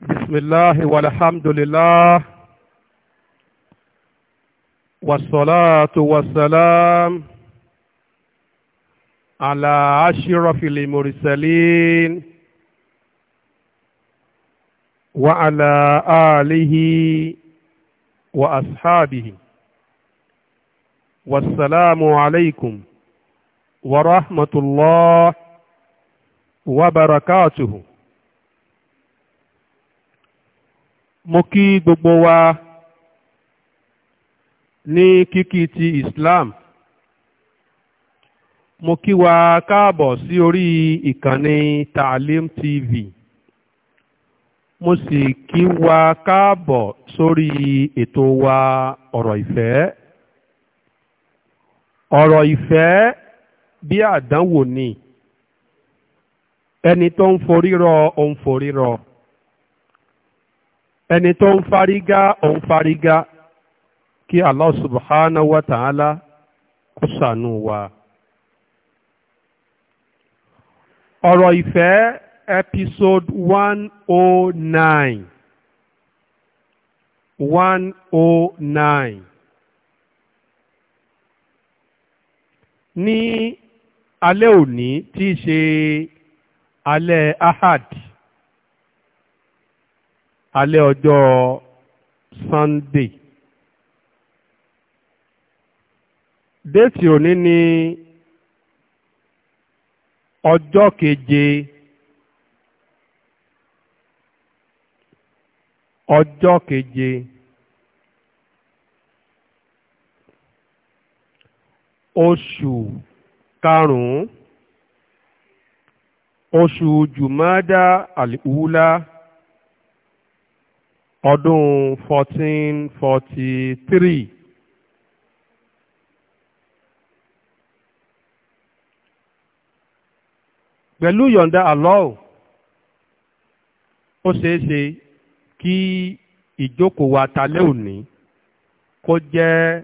بسم الله والحمد لله والصلاة والسلام على أشرف المرسلين وعلى آله وأصحابه والسلام عليكم ورحمة الله وبركاته mo kí gbogbo wa ní kíkí ti Islam mo kí wa káàbọ̀ sí orí ìkànnì Taalim TV mo sì kí wa káàbọ̀ sórí ètò wa ọ̀rọ̀ ìfẹ́ ọ̀rọ̀ ìfẹ́ bí àdánwò ni ẹni tó ń forírọ ó ń forírọ. ẹni tó ń farigá òun farigá kí Allah subhanahu wa ta'ala kó ṣàánú wa. ọ̀rọ̀ ìfẹ́ episode one oh nine one oh nine ní alẹ́ òní tí í ṣe alẹ́ ahad. alẹ́ ọjọ́ Sunday déètì òní ni ọjọ́ keje ọjọ́ keje oṣù karùn-ún oṣù jùmọ́dá àlìkúlá. ọdún 1443 pẹ̀lú yọ̀nda Allah ó ṣeéṣe kí ìjókòó wa òní kó jẹ́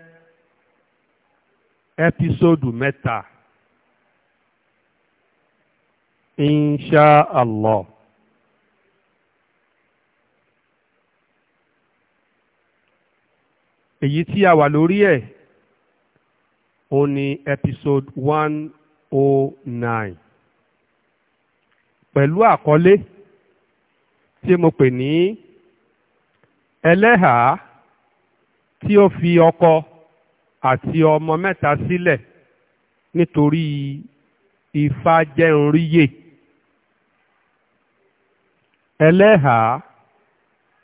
ẹ́písódù mẹ́ta insha Allah èyí tí a wà lórí ẹ̀ ó ní episode one oh nine pẹ̀lú àkọlé tí mo pè ní ẹlẹ́hàá tí ó fi ọkọ àti ọmọ mẹ́ta sílẹ̀ nítorí ifá jẹun ẹlẹ́hàá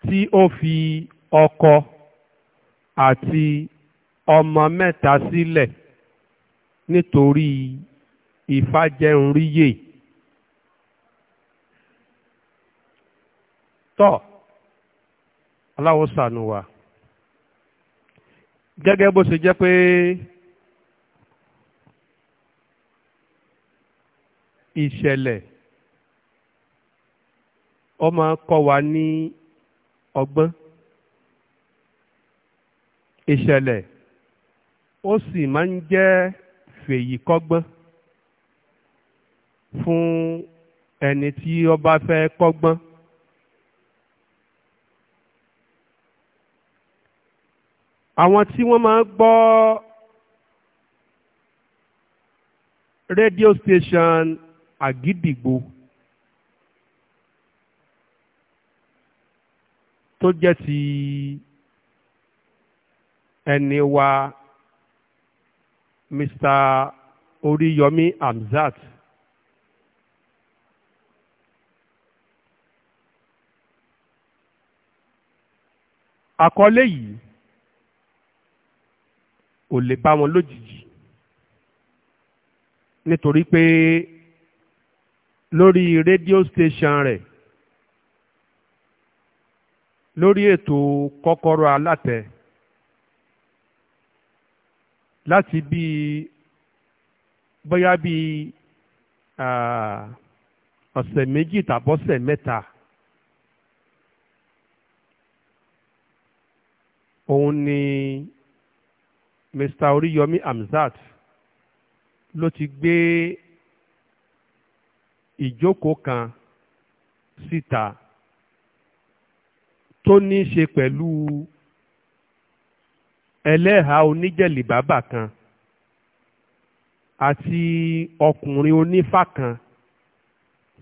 tí ó fi ọkọ àti ọmọ mẹ́ta sílẹ̀ nítorí ìfàjẹunríyè. tọ́ aláwọ̀ sànù wa gẹ́gẹ́ bó ṣe jẹ́ pé ìṣẹ̀lẹ̀ ó máa wa ní ọgbọ́n ìṣẹ̀lẹ̀ ó sì máa ń jẹ́ fèyí kọ́gbọ́n fún ẹni tí ó bá fẹ́ kọ́gbọ́n. àwọn tí wọ́n máa ń gbọ́ rédíò station àgídìgbò tó jẹ́ ti ẹni wa Mr. Oríyọmí Hamzat àkọlé yìí ò lè bá wọn lójijì nítorí pé lórí rédíò station rẹ̀ lórí ètò kọ́kọ́rọ́ alátẹ láti bí bóyá bí ọ̀sẹ̀ méjì tàbọ́sẹ̀ mẹ́ta òun ni Mr. Oríyọmí Hamzat ló ti gbé ìjókòó kan síta tó ní í ṣe pẹ̀lú ẹlẹ́ha oníjẹ̀lì bàbà kan àti ọkùnrin onífà kan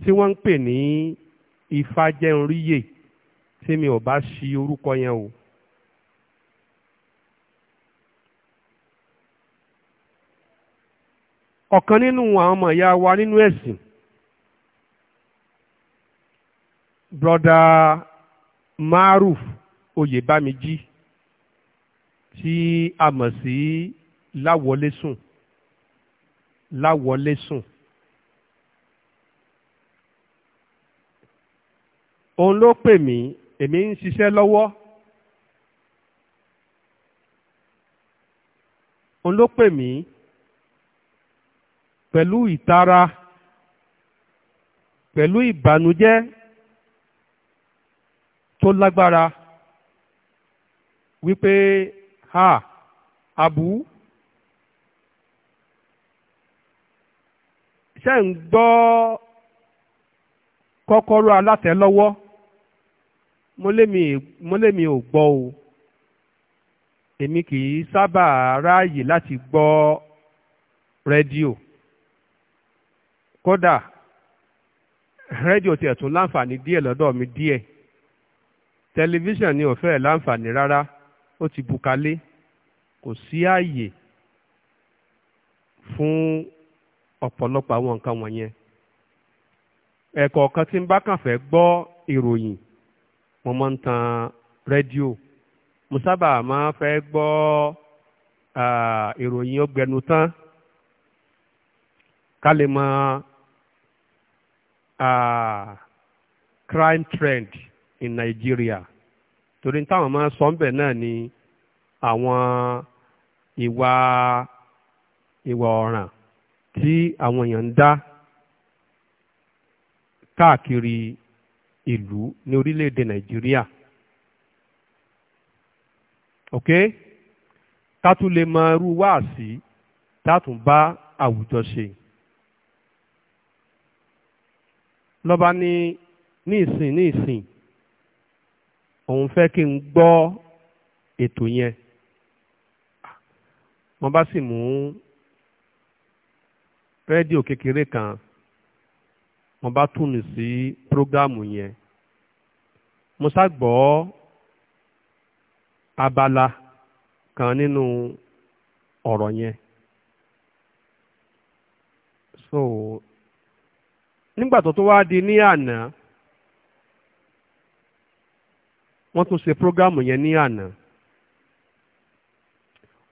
tí wọ́n ń pè ní ifájẹ́nríyè tí mi ò bá ṣi orúkọ yẹn o. ọ̀kan nínú àwọn ọmọ ìyá wa nínú ẹ̀sìn broda Maruf Oyèbámijí tí a mọ̀ sí láwọlésùn láwọlésùn òun ló pè mí èmi ń ṣiṣẹ́ lọ́wọ́ òun ló pè mí pẹ̀lú ìtara pẹ̀lú ìbànújẹ́ tó lágbára wípé ha abu se n gbọ́ kọ́kọ́rọ́ alátẹ̀lọ́wọ́ mọ́lẹ́mi ò gbọ́ o èmi kì í sábà ráàyè láti gbọ́ rédíò kódà redio tiẹ̀ tún láǹfààní díẹ̀ lọ́dọ̀ mi díẹ̀ tẹlifíṣàn ni ò fẹ́ láǹfààní rárá. ó ti bukalé kò sí ààyè fún ọ̀pọ̀lọpọ̀ àwọn nǹkan wọ̀nyẹn ẹ̀kọ̀ọ̀kan tí ń bá kàn fẹ́ gbọ́ ìròyìn mo máa ń tan rédíò mo sábà máa fẹ́ gbọ́ ìròyìn ọgbẹnu tán ká lè mọ crime trend in Nigeria torí táwọn máa sọ ńbẹ̀ náà ni àwọn ìwà ìwà ọ̀ràn tí àwọn èèyàn ń dá káàkiri ìlú ní orílẹ̀-èdè nàìjíríà ok ká tún lè mọ irú wáàsí tátùn bá àwùjọ ṣe lọ́ba ní ní ìsìn ní ìsìn òun fẹ́ kí n gbọ́ ètò yẹn mo bá sì mú rédíò kékeré kan mo bá túnú sí prógámù yẹn mo sá abala kan nínú ọ̀rọ̀ yẹn so nígbà tó tó wá di ní àná wọ́n tún ṣe prógámù yẹn ní àná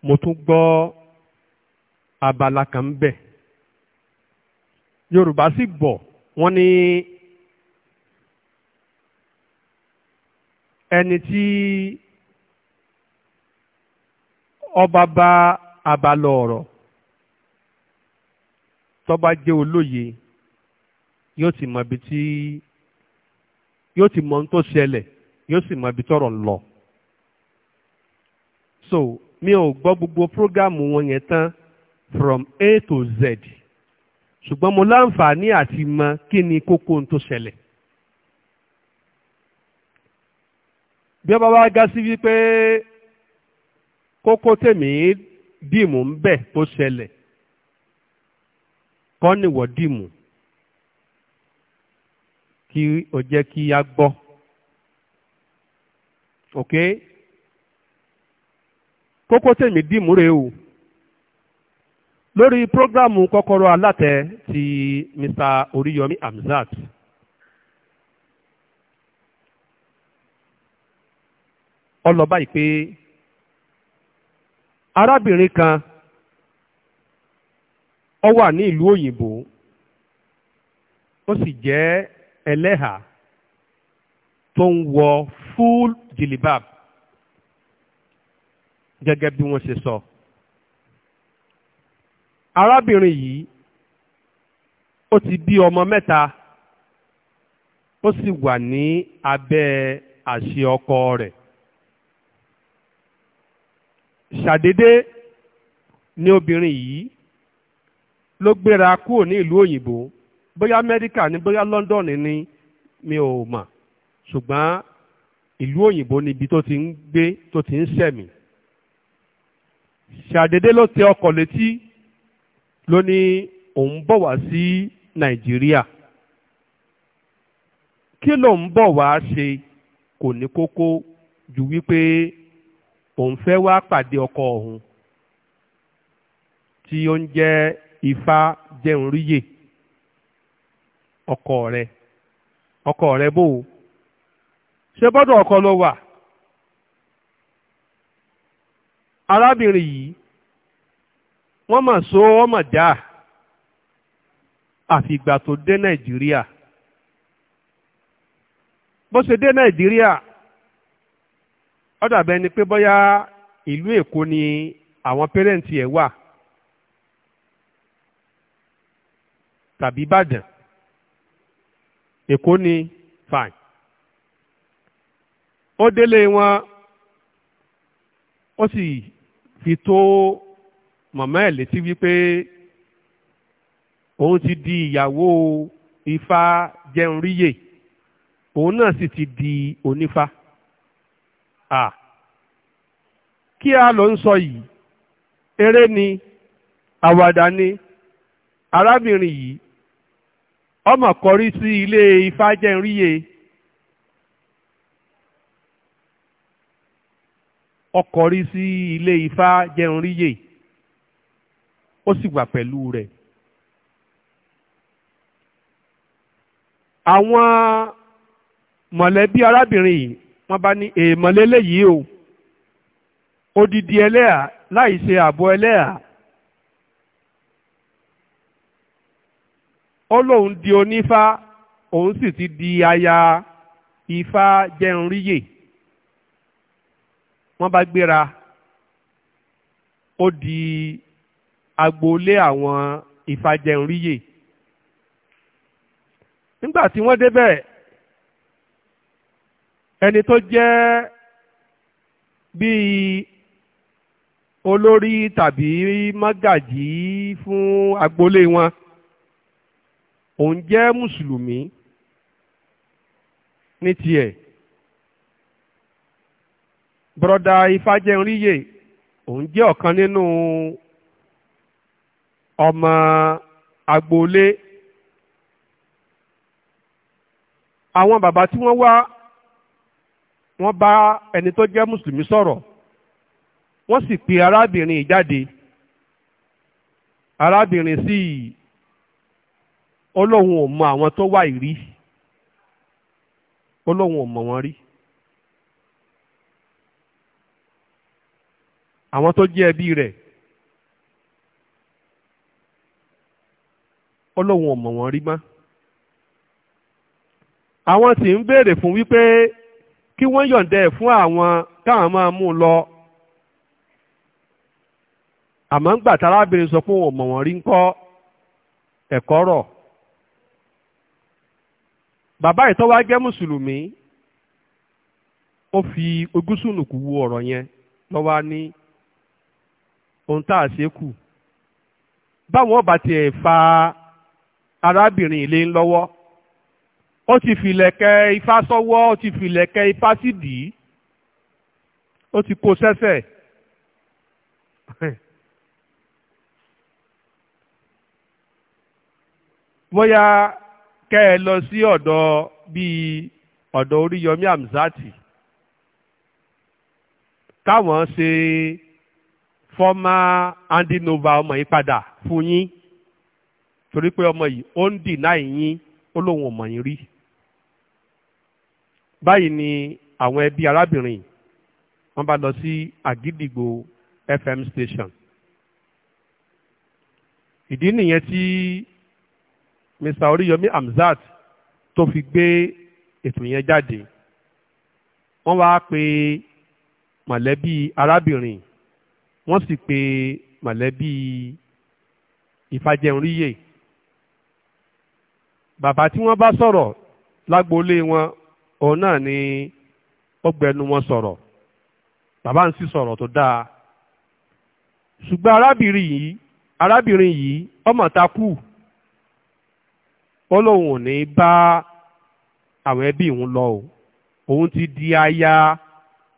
mo tún gbọ́ abala kan ń bẹ̀ yorùbá sì bọ̀ wọ́n ní ẹni tí ọba bá abala ọ̀rọ̀ tọ́ba jẹ́ olóye yóò ti mọ ibi tí yóò ti mọ ohun tó ṣẹlẹ̀ yóò sì mọ ibi tọ́rọ̀ ń lọ. so mi ò gbọ́ gbogbo prógámù wọn yẹn tán from A to Z ṣùgbọ́n mo láǹfààní àti mọ kí ni kókó ohun tó ṣẹlẹ̀. bí ọba wa gá sí wípé kókó tèmi dìmú ń bẹ̀ tó ṣẹlẹ̀ kọ́ nìwọ̀ dìmú kí o jẹ́ kí a gbọ́ ok kókó tèmi dìmú rèé o lórí prógrámù kọ́kọ́rọ́ alátẹ ti Mr. Oríyọmí Hamzat ó lọ báyìí pé arábìnrin kan ó wà ní ìlú òyìnbó ó sì jẹ́ ẹlẹ́hà tó ń wọ full jilibab gẹ́gẹ́ bí wọ́n ṣe sọ. arábìnrin yìí ó ti bí ọmọ mẹ́ta ó sì wà ní abẹ́ àṣẹ ọkọ rẹ̀. ṣàdédé ni obìnrin yìí ló gbéra kúrò ní ìlú òyìnbó bóyá amẹ́ríkà ni bóyá london ni mi ò mọ̀ ṣùgbọ́n ìlú òyìnbó níbi tó ti ń gbé tó ti ń sẹ̀mí ṣàdédé ló tẹ ọkọ̀ létí ló ní òun bọ̀ wá sí nàìjíríà kí ló ń bọ̀ wá ṣe kò ní kókó ju wípé òun fẹ́ wá pàdé ọkọ òun tí ó ń jẹ́ ifá jẹun ríyè ọkọ rẹ̀ ọkọ rẹ̀ bò ó. ṣé bọ́dọ̀ ọkọ ló wà arábìnrin yìí wọ́n mà so wọ́n mà dá àfìgbà tó dé nàìjíríà bó ṣe dé nàìjíríà ó ni pé bóyá ìlú èkó ni àwọn pẹ́rẹ́ǹtì ẹ̀ wà tàbí ìbàdàn èkó ni fine ó délé wọn ó sì fi tó màmá ẹ̀ létí wípé òun ti di ìyàwó ifá jẹun ríyè òun náà sì ti di onífá à kí a ló ń sọ yìí eré ni àwàdà ni arábìnrin yìí ọmọ kọrí sí ilé ifá jẹun ríyè. ọkọ̀ rí sí ilé ifá jẹun ríyè ó sì wà pẹ̀lú rẹ̀. àwọn mọ̀lẹ́bí arábìnrin yìí wọ́n bá ní èèmọ̀ lélẹ́yìí o odidi ẹlẹ́à láì ṣe ààbò ẹlẹ́à ó lóun di onífá òun sì ti di aya ifá jẹun ríyè wọ́n bá gbéra ó di agboolé àwọn ìfàjẹ̀ǹríyè nígbà tí wọ́n débẹ̀ ẹni tó jẹ́ bíi olórí tàbí mágàjí fún agboolé wọn òun jẹ́ mùsùlùmí ní tiẹ̀ bọ́dà ifájẹunríyè òun jẹ́ ọ̀kan nínú ọmọ agboolé àwọn bàbá tí wọ́n wá wọ́n bá ẹni tó jẹ́ mùsùlùmí sọ̀rọ̀ wọ́n sì pe arábìnrin ìjáde arábìnrin sí olóhùn ò mọ àwọn tó wà ìrí olóhùn ò mọ wọn rí. àwọn tó jẹ́ ẹbí rẹ̀ ọlọ́run ò mọ̀ wọ́n rí mọ́ àwọn sì ń béèrè fún wípé kí wọ́n yọ̀ǹda ẹ̀ fún àwọn káwọn máa mú un lọ àmọ́ ń gbà tárábìnrin sọ pé òun ò rí ń kọ́ ẹ̀kọ́ rọ̀ bàbá ìtọ́wá jẹ́ mùsùlùmí ó fi ogúsùnùkù wo ọ̀rọ̀ yẹn lọ́wọ́ á ní ohun tá a ṣe kù báwọn ọba tiẹ̀ fa arábìnrin ilé ńlọ́wọ́ ó ti filẹ̀kẹ̀ ifá sọ́wọ́ ó ti filẹ̀kẹ̀ ifá sídìí ó ti kó sẹ́sẹ̀ bóyá kẹ́ ẹ lọ sí ọ̀dọ̀ bíi ọ̀dọ̀ Oríyọmí Amzati káwọn ṣe. Se former handing over ọmọ yìí padà fún yín torí pé ọmọ yìí ó ń deny yín ó lóun ò mọ̀ rí báyìí ni àwọn ẹbí arábìnrin wọ́n bá lọ sí àgídìgbò FM station ìdí nìyẹn tí Mr. Oríyọmí Hamzat tó fi gbé ètò yẹn jáde wọ́n wá pe mọ̀lẹ́bí arábìnrin wọ́n sì pe mọ̀lẹ́bí ìfàjẹunríyè bàbá tí wọ́n bá sọ̀rọ̀ lágboolé wọn òun náà ni ọgbẹnu wọn sọ̀rọ̀ bàbá ń sì sọ̀rọ̀ tó dáa ṣùgbọ́n arábìnrin yìí arábìnrin yìí ọmọ ta kù ó lóun ò ní bá àwọn ẹbí òun lọ o òun ti di aya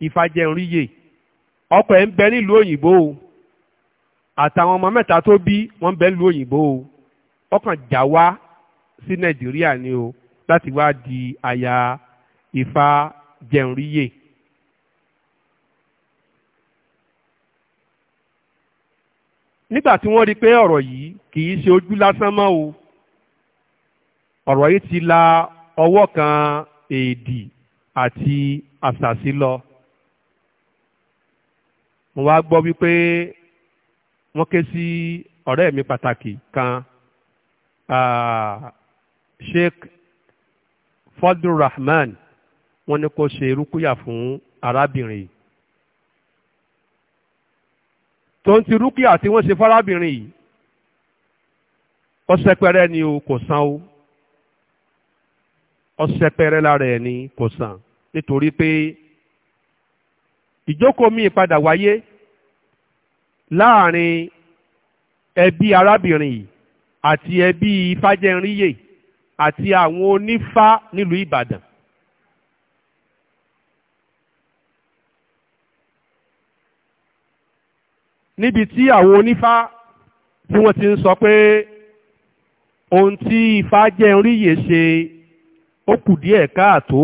ìfàjẹunríyè ọkọ ẹ̀ ń bẹ nílùú òyìnbó o àtàwọn ọmọ mẹ́ta tó bí wọ́n ń bẹ nílùú òyìnbó o ọkàn já wá sí nàìjíríà ni o láti wá di aya ifá jẹunríyè. nígbà tí wọ́n rí i pé ọ̀rọ̀ yìí kì í ṣe ojú lásán mọ́ o ọ̀rọ̀ yìí ti la ọwọ́ kan èdì àti àṣàsí lọ mo wá gbọ́ wípé wọ́n ké sí ọ̀rẹ́ mi pàtàkì kan Sheikh Fadlur Rahman wọ́n ní kó ṣe rúkúyà fún arábìnrin yìí tó ń ti rúkìá tí wọ́n ṣe fárábìnrin yìí ọ̀sẹ̀pẹ̀rẹ̀ ni o kò san o ọ̀sẹ̀pẹ̀rẹ̀ lára ẹ̀ ni kò san nítorí pé ìjókòó míì padà wáyé láàrin ẹbí arábìnrin yìí àti ẹbí ifájẹnríyè àti àwọn onífá nílùú Ìbàdàn níbi tí àwọn onífá tí wọ́n ti ń sọ pé ohun tí ifájẹnríyè ṣe ó kù díẹ̀ káàtó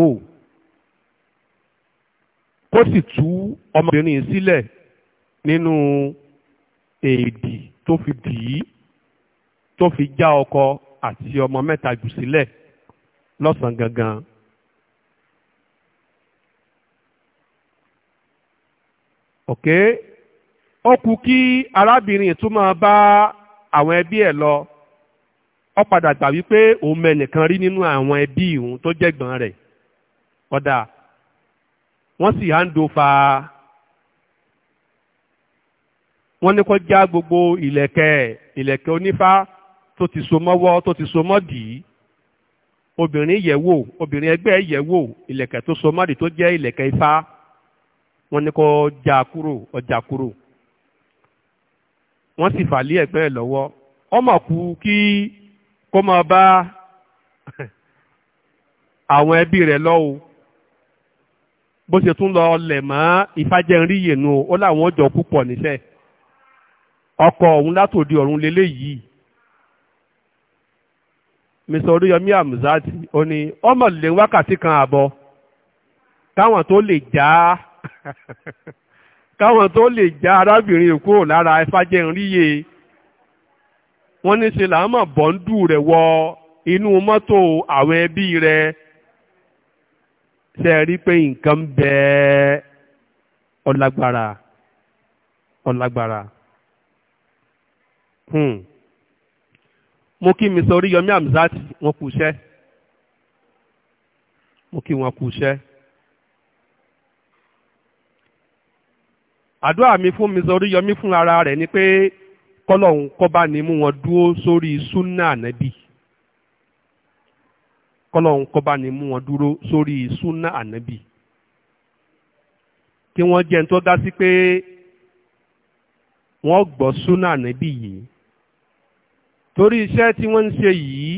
ó sì tú ọmọbìnrin sílẹ̀ nínú èdì tó fi dì í tó fi já ọkọ àti ọmọ mẹ́ta jù sílẹ̀ lọ́sàn gangan. ok ó kù kí arábìnrin tún máa bá àwọn ẹbí ẹ̀ lọ ó padà gbà wípé òun mẹ́nìkan rí nínú àwọn ẹbí òun tó jẹ́gbọ́n rẹ̀ ọ̀dà wọ́n sì hand over wọ́n ní kó já gbogbo ìlẹ̀kẹ̀ ìlẹ̀kẹ̀ onífá tó ti so mọ́wọ́ tó ti so mọ́dì obìnrin yẹ̀wò obìnrin ẹgbẹ́ yẹ̀wò ìlẹ̀kẹ̀ tó so mọ́dì tó jẹ́ ìlẹ̀kẹ̀ ifá wọ́n ní kó já kúrò ọjà kúrò wọ́n sì fà lé ẹ̀gbẹ́ lọ́wọ́ ọmọ kú kí kó máa bá àwọn ẹbí rẹ̀ lọ́wọ́ bó ṣe tún lọ lẹ̀ mọ́ ìfàjẹ́rìyẹ̀nu ó láwọn ọjọ́ púpọ̀ níṣẹ́ ọkọ̀ ọ̀hún látòdì ọ̀run lélẹ́yìí mr oríyọmí amuzati ó ní ọmọ lè wákàtí kan àbọ̀ káwọn tó lè já káwọn tó lè já arábìnrin kúrò lára ìfàjẹ́rìyẹ̀ wọ́n ní ṣe làwọn mọ̀ bọ́ńdù rẹ̀ wọ inú mọ́tò àwọn ẹbí rẹ̀ ṣe rí pé nǹkan bẹ́ẹ̀ ọlágbára ọlágbára hmm. mo kí mi sọ Oríyọmí Amzati wọn kú iṣẹ́ mo kí wọn kú iṣẹ́. àdúrà mi fún mi sọ Oríyọmí fún ara rẹ̀ ni pé kọ́lọ́hún kọ́ bá ní mú wọn dúró sórí súnà ànábì kọ́lọ́hún kọ́ bá ní mú wọn dúró sórí súnà ànábì kí wọ́n jẹ́ ń tó dá sí pé wọ́n gbọ́ súnà ànábì yìí torí iṣẹ́ tí wọ́n ń ṣe yìí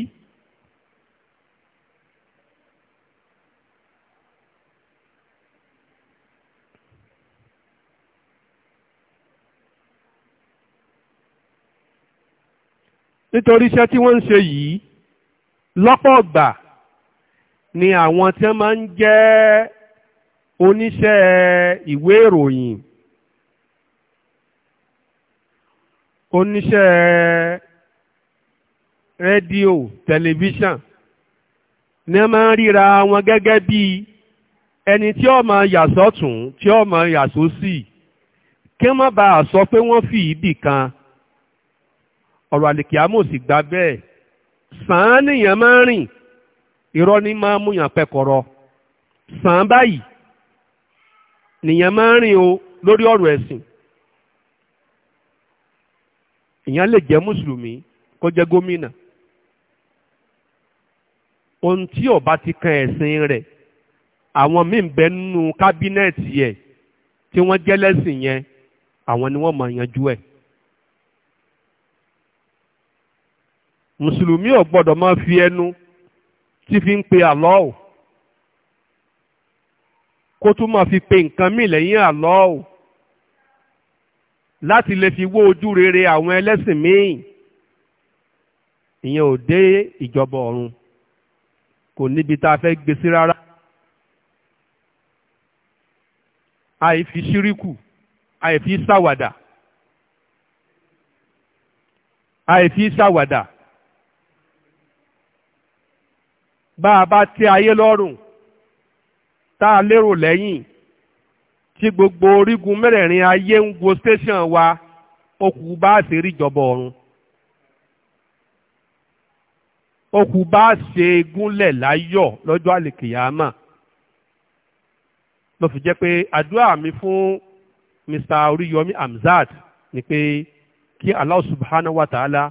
nítorí iṣẹ́ tí wọ́n ń ṣe yìí lọ́pọ̀ ọ̀gbà ni àwọn tí wọ́n máa ń jẹ́ oníṣẹ́ ìwé ìròyìn oníṣẹ́ rédíò tẹlifíṣàn a máa ń ríra wọn gẹ́gẹ́ bí ẹni tí ọ máa yà sọ́tún tí ọ máa yà sí kí wọ́n bá a sọ pé wọ́n fi ìdì kan ọ̀rọ̀ àlèkè àmọ́ sì gbà bẹ́ẹ̀ sàn án nìyẹn máa ń rìn irọ́ ní máa mú yàn pẹ́kọ̀rọ̀ sàn báyìí nìyẹn máa rìn o lórí ọ̀rọ̀ ẹ̀sìn ìyẹn lè jẹ́ mùsùlùmí kó jẹ́ gómìnà ohun tí ó bá ti kan ẹ̀sìn rẹ̀ àwọn míì ń bẹ nínú kábínẹ̀tì ẹ̀ tí wọ́n jẹ́ lẹ́sìn yẹn àwọn ni wọ́n máa yanjú ẹ̀. mùsùlùmí ò gbọ́dọ̀ máa fi ẹnu tí fi ń pe Allah o kó tún máa fi pe nǹkan míì lẹ́yìn Allah o láti lè fi wó ojú rere àwọn ẹlẹ́sìn míì ìyẹn ò dé ìjọba ọ̀run kò níbi tá a fẹ́ gbé sí rárá àìfi ṣíríkù àìfi ṣàwàdà àìfi ṣàwàdà. bá a bá tẹ́ ayé lọ́rùn tá a lérò lẹ́yìn tí gbogbo orígun mẹ́rẹ̀ẹ̀rin ayé ń wo station wa okùn bá a ṣe rí ìjọba ọ̀run okùn bá a ṣe gúnlẹ̀ láyọ̀ lọ́jọ́ àlèkèyàmà ló fi jẹ́ pé àdúrà mi fún Mr. Oríyọmí Hamzat ni pé kí Allah subhanahu wa ta'ala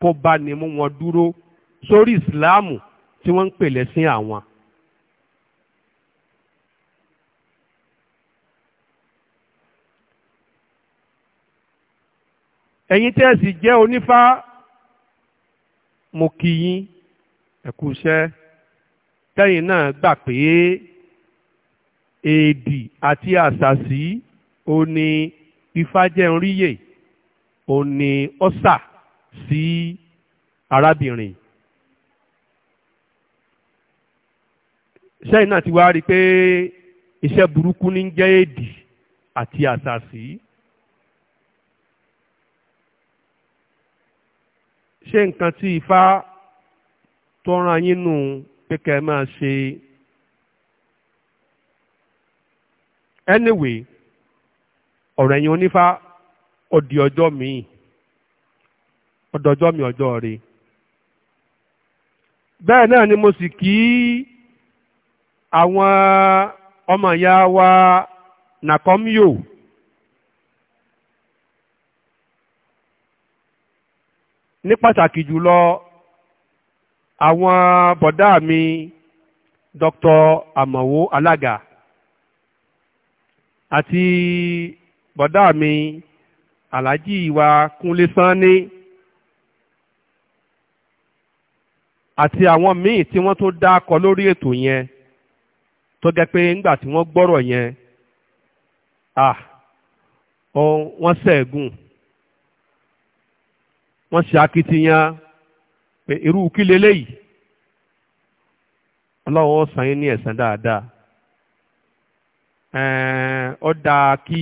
kó bá ní mú wọn dúró sórí ìsìláàmù. So tí wọ́n ń pè lẹ́sìn àwọn. ẹ̀yin tẹ́ ẹ sì jẹ́ onífá mo kí yín ẹ kú iṣẹ́ tẹ́yìn náà gbà pé èdì àti àṣàṣì ó ní ìfàjẹunríyè ó ní ọ̀sà sí arábìnrin sẹ́yìn náà ti wá rí i pé iṣẹ́ burúkú ní jẹ́ èdì àti àṣàṣì. ṣé nǹkan tí ifá tọ́ra yín nù pé kẹ́ ẹ máa ṣe. anyway ọ̀rọ̀ ẹ̀yin onífá ó di ọjọ́ míì ọdọjọ́ mi ọjọ́ rẹ̀ bẹ́ẹ̀ náà ni mo sì kí í àwọn ọmọ ìyá wa nàkọ́míò ní pàtàkì jùlọ àwọn bọ̀dá mi Dr. Àmọ̀wó Alága àti bọ̀dá mi Alhaji wa Kúnlé Sanni àti àwọn míì tí wọ́n tó dákọ lórí ètò yẹn tó gẹ́ pé ńgbà tí wọ́n gbọ́rọ̀ yẹn à wọ́n ṣẹ́gun wọ́n ṣe akitiyan pé irú kí leléyìí ọlọ́run ó ni yín ní ẹ̀san dáadáa ó dáa kí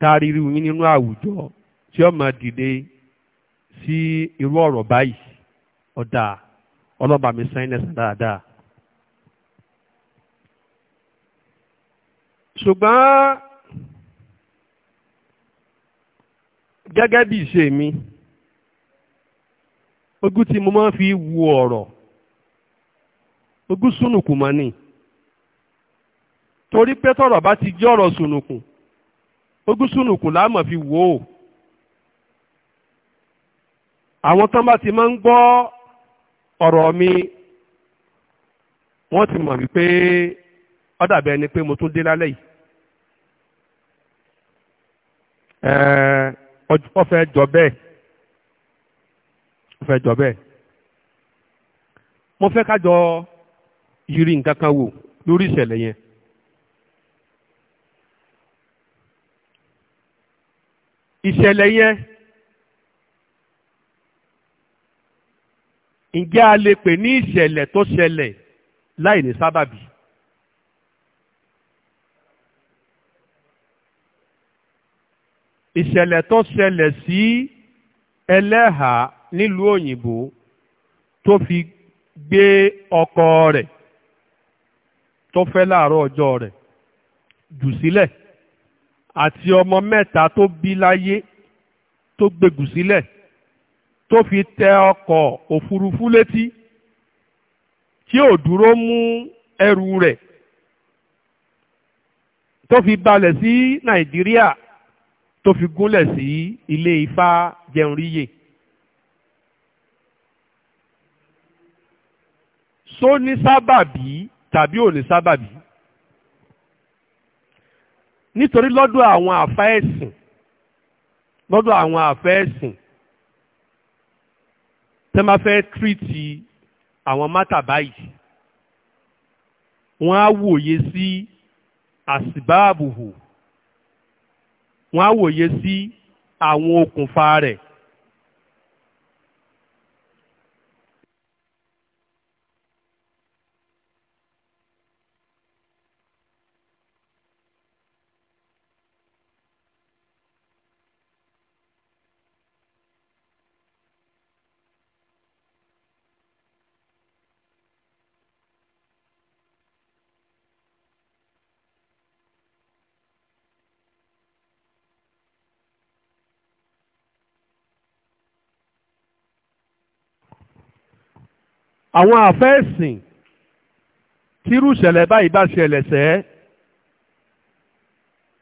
tárírí yín nínú àwùjọ tí ó máa dìde sí irú ọ̀rọ̀ báyìí ọ dáa. ọlọ́ba mi sẹ́yìn lẹ́sẹ̀ dáadáa. ṣùgbọ́n gẹ́gẹ́ bí ìṣe mi ojú tí mo máa fi wu ọ̀rọ̀ ojú sùnùkùn mọ́ ni torí pé tọ̀rọ̀ bá ti jẹ́ ọ̀rọ̀ sùnùkùn ojú sùnùkùn láàmọ̀ fi wò ó àwọn tán bá ti máa ń gbọ́ ọ̀rọ̀ mi wọ́n ti mọ̀ wípé ó dàbí pé mo tún dé lálẹ́ yìí ó fẹ́ jọ bẹ́ẹ̀ fẹ́ jọ bẹ́ẹ̀ mo fẹ́ kájọ yiri nǹkan kan wò lórí ìṣẹ̀lẹ̀ yẹn. ìṣẹ̀lẹ̀ yẹn ǹjẹ́ a lè pè ní ìṣẹ̀lẹ̀ tó ṣẹlẹ̀ láì ní sábàbí. ìṣẹ̀lẹ̀ tó ṣẹlẹ̀ sí ẹlẹ́hà nílùú òyìnbó tó fi gbé ọkọ rẹ̀ tó fẹ́ láàárọ̀ ọjọ́ rẹ̀ jù sílẹ̀ àti ọmọ mẹ́ta tó bí láyé tó gbégù sílẹ̀ tó fi tẹ ọkọ̀ òfurufú létí tí ò dúró mú ẹrù rẹ̀ tó fi balẹ̀ sí nàìjíríà tó fi gúnlẹ̀ sí ilé ifá jẹunríyè. só ní sábàbí tàbí ò ní sábàbí nítorí lọ́dọ̀ àwọn àfẹ́ ẹ̀sìn lọ́dọ̀ àwọn àfẹ́ ẹ̀sìn tẹ́ máa fẹ́ tírìtì àwọn mátà báyìí wọ́n á wòye sí àsìbáàbùhù wọ́n á wòye sí àwọn okùnfà rẹ̀ àwọn àfẹ́ẹ̀sìn tírú ìṣẹ̀lẹ̀ báyìí bá ṣẹlẹ̀ sẹ́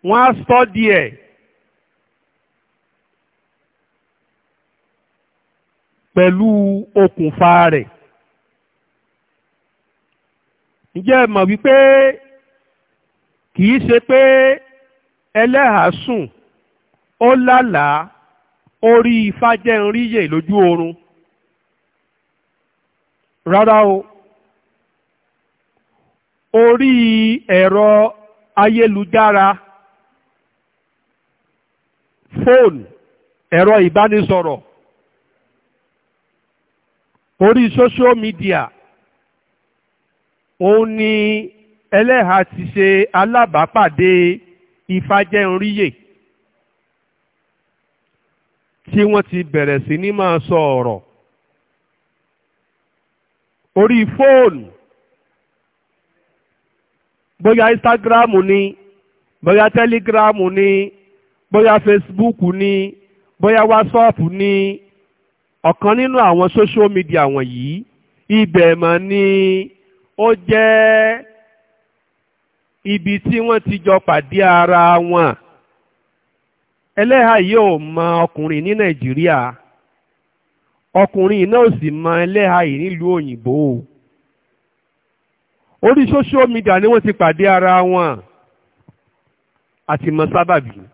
wọ́n á stọ́dí ẹ̀ pẹ̀lú okùnfà rẹ̀ ǹjẹ́ ẹ mọ̀ wípé kìí ṣe pé ẹlẹ́hàá ó lálàá ó rí ifá jẹ́ ń ríyè lójú oorun rárá o orí ẹ̀rọ ayélujára fóònù ẹ̀rọ ìbánisọ̀rọ̀ orí social media òun ni ẹlẹ́ha ti ṣe alábàápàdé ìfàjẹ́nríyè tí wọ́n ti bẹ̀rẹ̀ sí ní máa sọ ọ̀rọ̀ orí fóònù bóyá Instagram ni bóyá Telegram ni bóyá Facebook ni bóyá WhatsApp ni ọ̀kan nínú àwọn social media wọ̀nyí ibẹ̀ mọ̀ ni ó jẹ́ ibi tí wọ́n ti jọ pàdé ara wọn ẹlẹ́hàá yìí mọ ọkùnrin ní Nàìjíríà. ọkùnrin náà ò sì mọ ẹlẹ́ha yìí nílùú òyìnbó orí social media ni wọ́n ti pàdé ara wọn àti mọ sábàbí.